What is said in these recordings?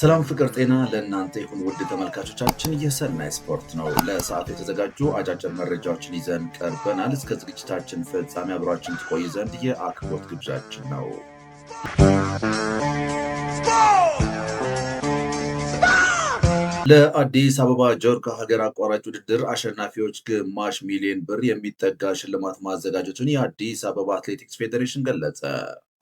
ሰላም ፍቅር ጤና ለእናንተ ይሁን ውድ ተመልካቾቻችን፣ የሰናይ ስፖርት ነው። ለሰዓት የተዘጋጁ አጫጭር መረጃዎችን ይዘን ቀርበናል። እስከ ዝግጅታችን ፍጻሜ አብሯችን ትቆይ ዘንድ የአክብሮት ግብዣችን ነው። ለአዲስ አበባ ጆርካ ሀገር አቋራጭ ውድድር አሸናፊዎች ግማሽ ሚሊዮን ብር የሚጠጋ ሽልማት ማዘጋጀቱን የአዲስ አበባ አትሌቲክስ ፌዴሬሽን ገለጸ።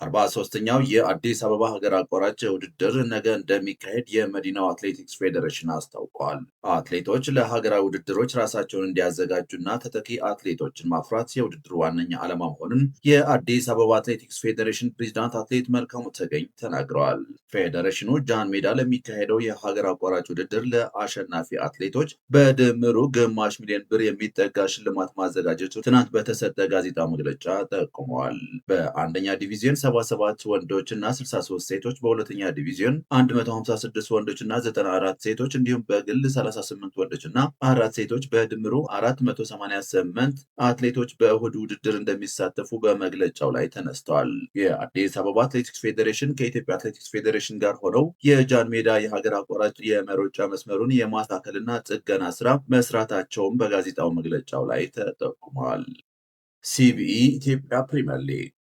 አርባ ሶስተኛው የአዲስ አበባ ሀገር አቋራጭ ውድድር ነገ እንደሚካሄድ የመዲናው አትሌቲክስ ፌዴሬሽን አስታውቋል። አትሌቶች ለሀገራዊ ውድድሮች ራሳቸውን እንዲያዘጋጁና ተተኪ አትሌቶችን ማፍራት የውድድሩ ዋነኛ ዓላማ መሆኑን የአዲስ አበባ አትሌቲክስ ፌዴሬሽን ፕሬዚዳንት አትሌት መልካሙ ተገኝ ተናግረዋል። ፌዴሬሽኑ ጃን ሜዳ ለሚካሄደው የሀገር አቋራጭ ውድድር ለአሸናፊ አትሌቶች በድምሩ ግማሽ ሚሊዮን ብር የሚጠጋ ሽልማት ማዘጋጀቱ ትናንት በተሰጠ ጋዜጣ መግለጫ ጠቁመዋል። በአንደኛ ዲቪዚየን 77 ወንዶች እና 63 ሴቶች በሁለተኛ ዲቪዚዮን 156 ወንዶች እና 94 ሴቶች እንዲሁም በግል 38 ወንዶች እና አራት ሴቶች በድምሩ 488 አትሌቶች በእሁድ ውድድር እንደሚሳተፉ በመግለጫው ላይ ተነስተዋል። የአዲስ አበባ አትሌቲክስ ፌዴሬሽን ከኢትዮጵያ አትሌቲክስ ፌዴሬሽን ጋር ሆነው የጃን ሜዳ የሀገር አቋራጭ የመሮጫ መስመሩን የማስተካከልና ጥገና ስራ መስራታቸውን በጋዜጣው መግለጫው ላይ ተጠቁሟል። ሲቢኢ ኢትዮጵያ ፕሪምየር ሊግ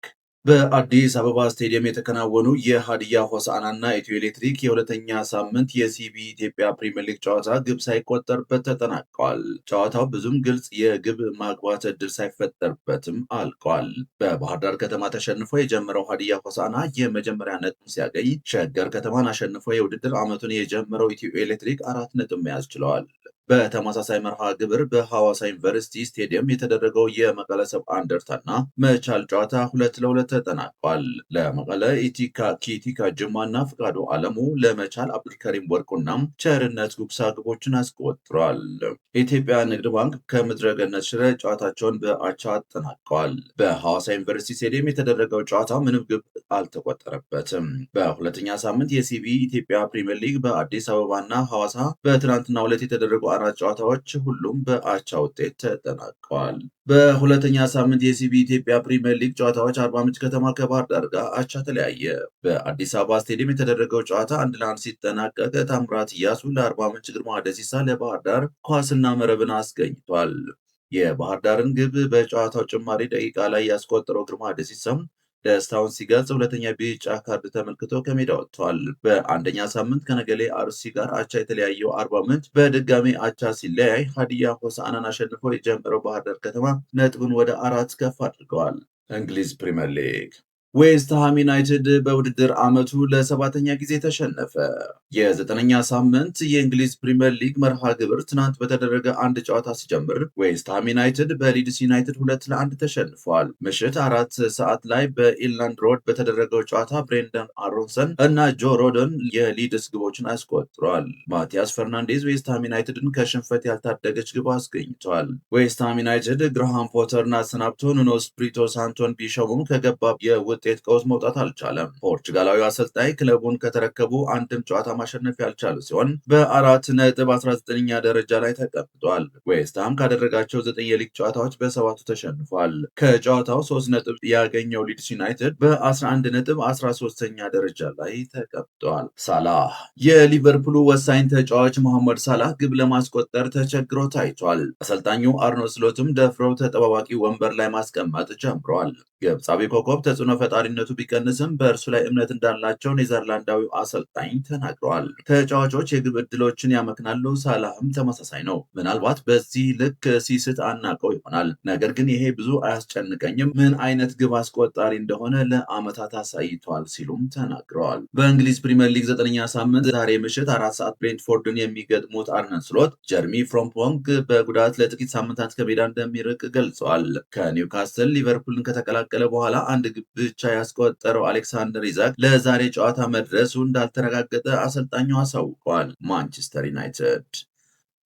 በአዲስ አበባ ስቴዲየም የተከናወኑ የሀዲያ ሆሳዕናና ኢትዮ ኤሌክትሪክ የሁለተኛ ሳምንት የሲቢ ኢትዮጵያ ፕሪምየር ሊግ ጨዋታ ግብ ሳይቆጠርበት ተጠናቀዋል። ጨዋታው ብዙም ግልጽ የግብ ማግባት እድል ሳይፈጠርበትም አልቋል። በባህር ዳር ከተማ ተሸንፎ የጀመረው ሀዲያ ሆሳና የመጀመሪያ ነጥብ ሲያገኝ፣ ሸገር ከተማን አሸንፎ የውድድር ዓመቱን የጀመረው ኢትዮ ኤሌክትሪክ አራት ነጥብ መያዝ ችለዋል። በተመሳሳይ መርሃ ግብር በሐዋሳ ዩኒቨርሲቲ ስቴዲየም የተደረገው የመቀለ ሰብአ እንደርታና መቻል ጨዋታ ሁለት ለሁለት ተጠናቋል። ለመቀለ ኢቲካ ኪቲካ ጅማና ፍቃዱ አለሙ ለመቻል አብዱልከሪም ወርቁና ቸርነት ጉብሳ ግቦችን አስቆጥሯል። የኢትዮጵያ ንግድ ባንክ ከምድረገነት ሽረ ጨዋታቸውን በአቻ አጠናቀዋል። በሐዋሳ ዩኒቨርሲቲ ስቴዲየም የተደረገው ጨዋታ ምንም ግብ አልተቆጠረበትም። በሁለተኛ ሳምንት የሲቢ ኢትዮጵያ ፕሪምየር ሊግ በአዲስ አበባና ሐዋሳ በትናንትና ሁለት የተደረገው አራት ጨዋታዎች ሁሉም በአቻ ውጤት ተጠናቀዋል። በሁለተኛ ሳምንት የሲቢ ኢትዮጵያ ፕሪምየር ሊግ ጨዋታዎች አርባ ምንጭ ከተማ ከባህር ዳር ጋር አቻ ተለያየ። በአዲስ አበባ ስቴዲየም የተደረገው ጨዋታ አንድ ለአንድ ሲጠናቀቅ ታምራት እያሱ ለአርባ ምንጭ፣ ግርማ ደሲሳ ለባህር ዳር ኳስና መረብን አስገኝቷል። የባህር ዳርን ግብ በጨዋታው ጭማሪ ደቂቃ ላይ ያስቆጠረው ግርማ ደሲሳም ደስታውን ሲገልጽ ሁለተኛ ቢጫ ካርድ ተመልክቶ ከሜዳ ወጥቷል። በአንደኛ ሳምንት ከነገሌ አርሲ ጋር አቻ የተለያየው አርባ ምንጭ በድጋሚ አቻ ሲለያይ ሀዲያ ሆሳዕናን አሸንፎ የጀመረው ባህር ዳር ከተማ ነጥብን ወደ አራት ከፍ አድርገዋል። እንግሊዝ ፕሪምየር ሊግ ዌስትሃም ዩናይትድ በውድድር ዓመቱ ለሰባተኛ ጊዜ ተሸነፈ። የዘጠነኛ ሳምንት የእንግሊዝ ፕሪምየር ሊግ መርሃ ግብር ትናንት በተደረገ አንድ ጨዋታ ሲጀምር ዌስትሃም ዩናይትድ በሊድስ ዩናይትድ ሁለት ለአንድ ተሸንፏል። ምሽት አራት ሰዓት ላይ በኢላንድ ሮድ በተደረገው ጨዋታ ብሬንደን አሮንሰን እና ጆ ሮደን የሊድስ ግቦችን አስቆጥሯል። ማቲያስ ፈርናንዴዝ ዌስትሃም ዩናይትድን ከሽንፈት ያልታደገች ግብ አስገኝቷል። ዌስትሃም ዩናይትድ ግራሃም ፖተርን አሰናብቶ ኑኖ ስፕሪቶ ሳንቶን ቢሾሙም ከገባ የውጥ ውጤት ቀውስ መውጣት አልቻለም። ፖርቹጋላዊ አሰልጣኝ ክለቡን ከተረከቡ አንድም ጨዋታ ማሸነፍ ያልቻሉ ሲሆን በአራት ነጥብ 19ኛ ደረጃ ላይ ተቀምጧል። ዌስትሃም ካደረጋቸው ዘጠኝ የሊግ ጨዋታዎች በሰባቱ ተሸንፏል። ከጨዋታው ሶስት ነጥብ ያገኘው ሊድስ ዩናይትድ በ11 ነጥብ 13ኛ ደረጃ ላይ ተቀምጧል። ሳላህ የሊቨርፑሉ ወሳኝ ተጫዋች መሐመድ ሳላህ ግብ ለማስቆጠር ተቸግሮ ታይቷል። አሰልጣኙ አርኖ ስሎትም ደፍረው ተጠባባቂ ወንበር ላይ ማስቀመጥ ጀምሯል። ግብጻዊ ኮከብ ተጽዕኖ ፈጣሪነቱ ቢቀንስም በእርሱ ላይ እምነት እንዳላቸው ኔዘርላንዳዊው አሰልጣኝ ተናግረዋል። ተጫዋቾች የግብ እድሎችን ያመክናሉ፣ ሳላህም ተመሳሳይ ነው። ምናልባት በዚህ ልክ ሲስት አናቀው ይሆናል። ነገር ግን ይሄ ብዙ አያስጨንቀኝም፣ ምን አይነት ግብ አስቆጣሪ እንደሆነ ለአመታት አሳይቷል ሲሉም ተናግረዋል። በእንግሊዝ ፕሪምየር ሊግ ዘጠነኛ ሳምንት ዛሬ ምሽት አራት ሰዓት ብሬንትፎርድን የሚገጥሙት አርነን ስሎት ጀርሚ ፍሮምፖንግ በጉዳት ለጥቂት ሳምንታት ከሜዳ እንደሚርቅ ገልጸዋል። ከኒውካስትል ሊቨርፑልን ከተቀላቀለ በኋላ አንድ ግብ ብቻ ያስቆጠረው አሌክሳንደር ኢዛክ ለዛሬ ጨዋታ መድረሱ እንዳልተረጋገጠ አሰልጣኙ አሳውቋል። ማንቸስተር ዩናይትድ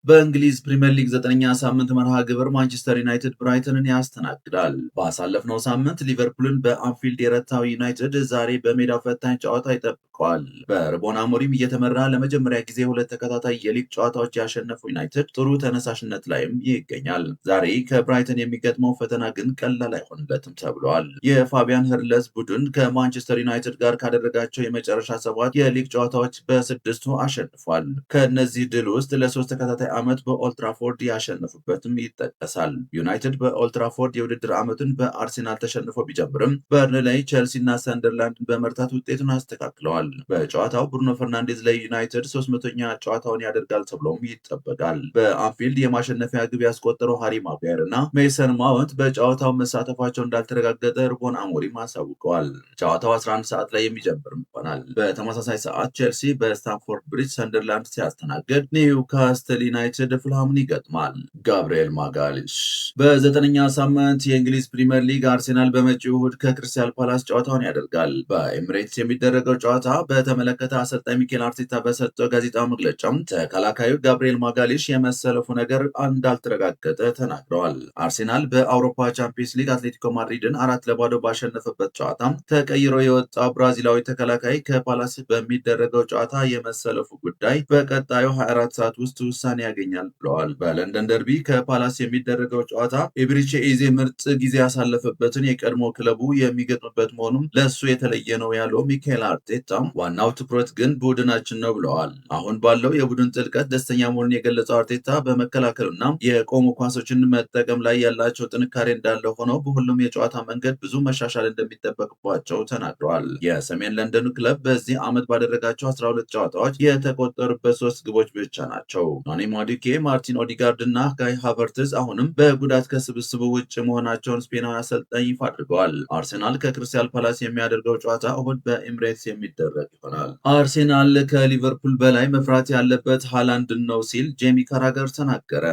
በእንግሊዝ ፕሪምየር ሊግ ዘጠነኛ ሳምንት መርሃ ግብር ማንቸስተር ዩናይትድ ብራይተንን ያስተናግዳል። ባሳለፍነው ሳምንት ሊቨርፑልን በአንፊልድ የረታው ዩናይትድ ዛሬ በሜዳው ፈታኝ ጨዋታ ይጠብቀዋል። በርቦና ሞሪም እየተመራ ለመጀመሪያ ጊዜ ሁለት ተከታታይ የሊግ ጨዋታዎች ያሸነፉ ዩናይትድ ጥሩ ተነሳሽነት ላይም ይገኛል። ዛሬ ከብራይተን የሚገጥመው ፈተና ግን ቀላል አይሆንለትም ተብለዋል። የፋቢያን ህርለስ ቡድን ከማንቸስተር ዩናይትድ ጋር ካደረጋቸው የመጨረሻ ሰባት የሊግ ጨዋታዎች በስድስቱ አሸንፏል። ከእነዚህ ድል ውስጥ ለሶስት ተከታታይ ዓመት በኦልትራፎርድ ያሸነፉበትም ይጠቀሳል። ዩናይትድ በኦልትራፎርድ የውድድር ዓመቱን በአርሴናል ተሸንፎ ቢጀምርም ቸልሲ ቼልሲና ሰንደርላንድን በመርታት ውጤቱን አስተካክለዋል። በጨዋታው ብሩኖ ፈርናንዴዝ ዩናይትድ ሶስት ኛ ጨዋታውን ያደርጋል ተብሎም ይጠበቃል። በአንፊልድ የማሸነፊያ ግብ ያስቆጠረው ሃሪ ማጓየር እና ሜሰን ማውንት በጨዋታው መሳተፋቸው እንዳልተረጋገጠ ርቦን አሞሪም አሳውቀዋል። ጨዋታው 11 ሰዓት ላይ የሚጀምርም ይሆናል። በተመሳሳይ ሰዓት ቼልሲ በስታንፎርድ ብሪጅ ሰንደርላንድ ሲያስተናግድ ኒውካስትል ዩናይትድ ፍልሃሙን ይገጥማል። ጋብርኤል ማጋሊሽ በዘጠነኛ ሳምንት የእንግሊዝ ፕሪምየር ሊግ አርሴናል በመጪው እሁድ ከክርስቲያል ፓላስ ጨዋታውን ያደርጋል። በኤምሬትስ የሚደረገው ጨዋታ በተመለከተ አሰልጣኝ ሚኬል አርቴታ በሰጠው ጋዜጣ መግለጫም ተከላካዩ ጋብርኤል ማጋሊሽ የመሰለፉ ነገር እንዳልተረጋገጠ ተናግረዋል። አርሴናል በአውሮፓ ቻምፒየንስ ሊግ አትሌቲኮ ማድሪድን አራት ለባዶ ባሸነፈበት ጨዋታ ተቀይሮ የወጣ ብራዚላዊ ተከላካይ ከፓላስ በሚደረገው ጨዋታ የመሰለፉ ጉዳይ በቀጣዩ 24 ሰዓት ውስጥ ውሳኔ ያገኛል ብለዋል። በለንደን ደርቢ ከፓላስ የሚደረገው ጨዋታ ኤብሪቼ ኤዜ ምርጥ ጊዜ ያሳለፈበትን የቀድሞ ክለቡ የሚገጥምበት መሆኑም ለእሱ የተለየ ነው ያለው ሚካኤል አርቴታም ዋናው ትኩረት ግን ቡድናችን ነው ብለዋል። አሁን ባለው የቡድን ጥልቀት ደስተኛ መሆኑን የገለጸው አርቴታ በመከላከልና የቆሙ ኳሶችን መጠቀም ላይ ያላቸው ጥንካሬ እንዳለ ሆነው በሁሉም የጨዋታ መንገድ ብዙ መሻሻል እንደሚጠበቅባቸው ተናግረዋል። የሰሜን ለንደኑ ክለብ በዚህ ዓመት ባደረጋቸው 12 ጨዋታዎች የተቆጠሩበት ሶስት ግቦች ብቻ ናቸው። ማዱኬ፣ ማርቲን ኦዲጋርድ እና ጋይ ሃቨርትዝ አሁንም በጉዳት ከስብስቡ ውጭ መሆናቸውን ስፔናዊ አሰልጣኝ ይፋ አድርገዋል። አርሴናል ከክርስቲያል ፓላስ የሚያደርገው ጨዋታ እሁድ በኤምሬትስ የሚደረግ ይሆናል። አርሴናል ከሊቨርፑል በላይ መፍራት ያለበት ሃላንድን ነው ሲል ጄሚ ካራገር ተናገረ።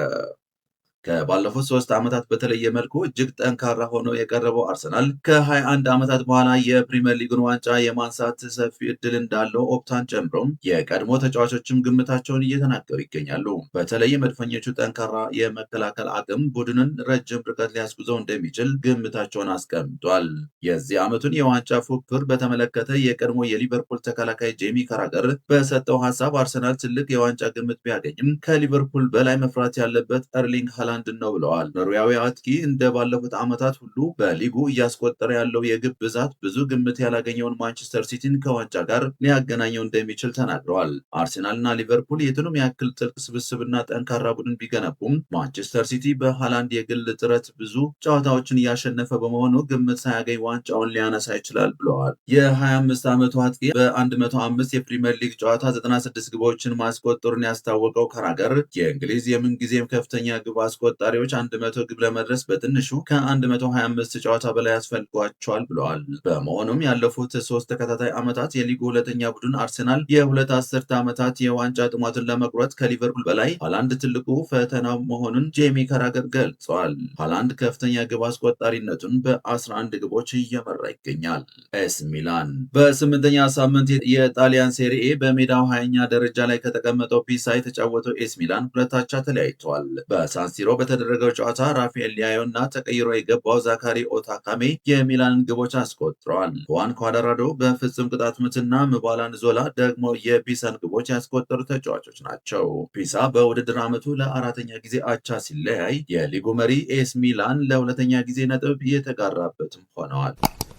ከባለፉት ሶስት ዓመታት በተለየ መልኩ እጅግ ጠንካራ ሆኖ የቀረበው አርሰናል ከ21 ዓመታት በኋላ የፕሪምየር ሊግን ዋንጫ የማንሳት ሰፊ እድል እንዳለው ኦፕታን ጨምሮ የቀድሞ ተጫዋቾችም ግምታቸውን እየተናገሩ ይገኛሉ። በተለይ መድፈኞቹ ጠንካራ የመከላከል አቅም ቡድንን ረጅም ርቀት ሊያስጉዘው እንደሚችል ግምታቸውን አስቀምጧል። የዚህ ዓመቱን የዋንጫ ፉክክር በተመለከተ የቀድሞ የሊቨርፑል ተከላካይ ጄሚ ካራገር በሰጠው ሀሳብ አርሰናል ትልቅ የዋንጫ ግምት ቢያገኝም ከሊቨርፑል በላይ መፍራት ያለበት ኤርሊንግ ሃላንድ ምንድን ነው ብለዋል። ኖርዌያዊ አጥቂ እንደ ባለፉት ዓመታት ሁሉ በሊጉ እያስቆጠረ ያለው የግብ ብዛት ብዙ ግምት ያላገኘውን ማንቸስተር ሲቲን ከዋንጫ ጋር ሊያገናኘው እንደሚችል ተናግረዋል። አርሴናልና ሊቨርፑል የትኑም ያክል ጥልቅ ስብስብና ጠንካራ ቡድን ቢገነቡም ማንቸስተር ሲቲ በሃላንድ የግል ጥረት ብዙ ጨዋታዎችን እያሸነፈ በመሆኑ ግምት ሳያገኝ ዋንጫውን ሊያነሳ ይችላል ብለዋል። የ25 ዓመቱ አጥቂ በ105 የፕሪምየር ሊግ ጨዋታ 96 ግቦችን ማስቆጠሩን ያስታወቀው ከራገር የእንግሊዝ የምንጊዜም ከፍተኛ ግብ አስቆ አስቆጣሪዎች 100 ግብ ለመድረስ በትንሹ ከ125 ጨዋታ በላይ ያስፈልጓቸዋል ብለዋል። በመሆኑም ያለፉት ሶስት ተከታታይ ዓመታት የሊጉ ሁለተኛ ቡድን አርሰናል የሁለት አስርተ ዓመታት የዋንጫ ጥማትን ለመቁረጥ ከሊቨርፑል በላይ ሃላንድ ትልቁ ፈተና መሆኑን ጄሚ ከራገር ገልጿል። ሃላንድ ከፍተኛ ግብ አስቆጣሪነቱን በ11 ግቦች እየመራ ይገኛል። ኤስ ሚላን በስምንተኛ ሳምንት የጣሊያን ሴሪኤ በሜዳው ሀያኛ ደረጃ ላይ ከተቀመጠው ፒሳ የተጫወተው ኤስ ሚላን ሁለታቻ ተለያይተዋል። በሳንሲሮ ሲሮ በተደረገው ጨዋታ ራፋኤል ሊያዮ እና ተቀይሮ የገባው ዛካሪ ኦታካሜ የሚላንን ግቦች አስቆጥረዋል። ዋን ኳደራዶ በፍጹም ቅጣት ምትና ምባላን ዞላ ደግሞ የፒሳን ግቦች ያስቆጠሩ ተጫዋቾች ናቸው። ፒሳ በውድድር ዓመቱ ለአራተኛ ጊዜ አቻ ሲለያይ የሊጉ መሪ ኤስ ሚላን ለሁለተኛ ጊዜ ነጥብ የተጋራበትም ሆነዋል።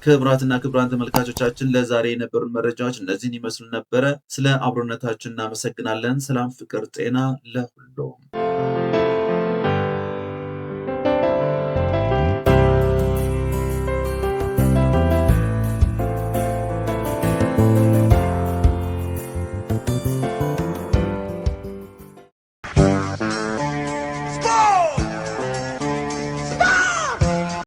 ክብራትና ክብራን ተመልካቾቻችን ለዛሬ የነበሩን መረጃዎች እነዚህን ይመስሉ ነበረ። ስለ አብሮነታችን እናመሰግናለን። ሰላም፣ ፍቅር፣ ጤና ለሁሉም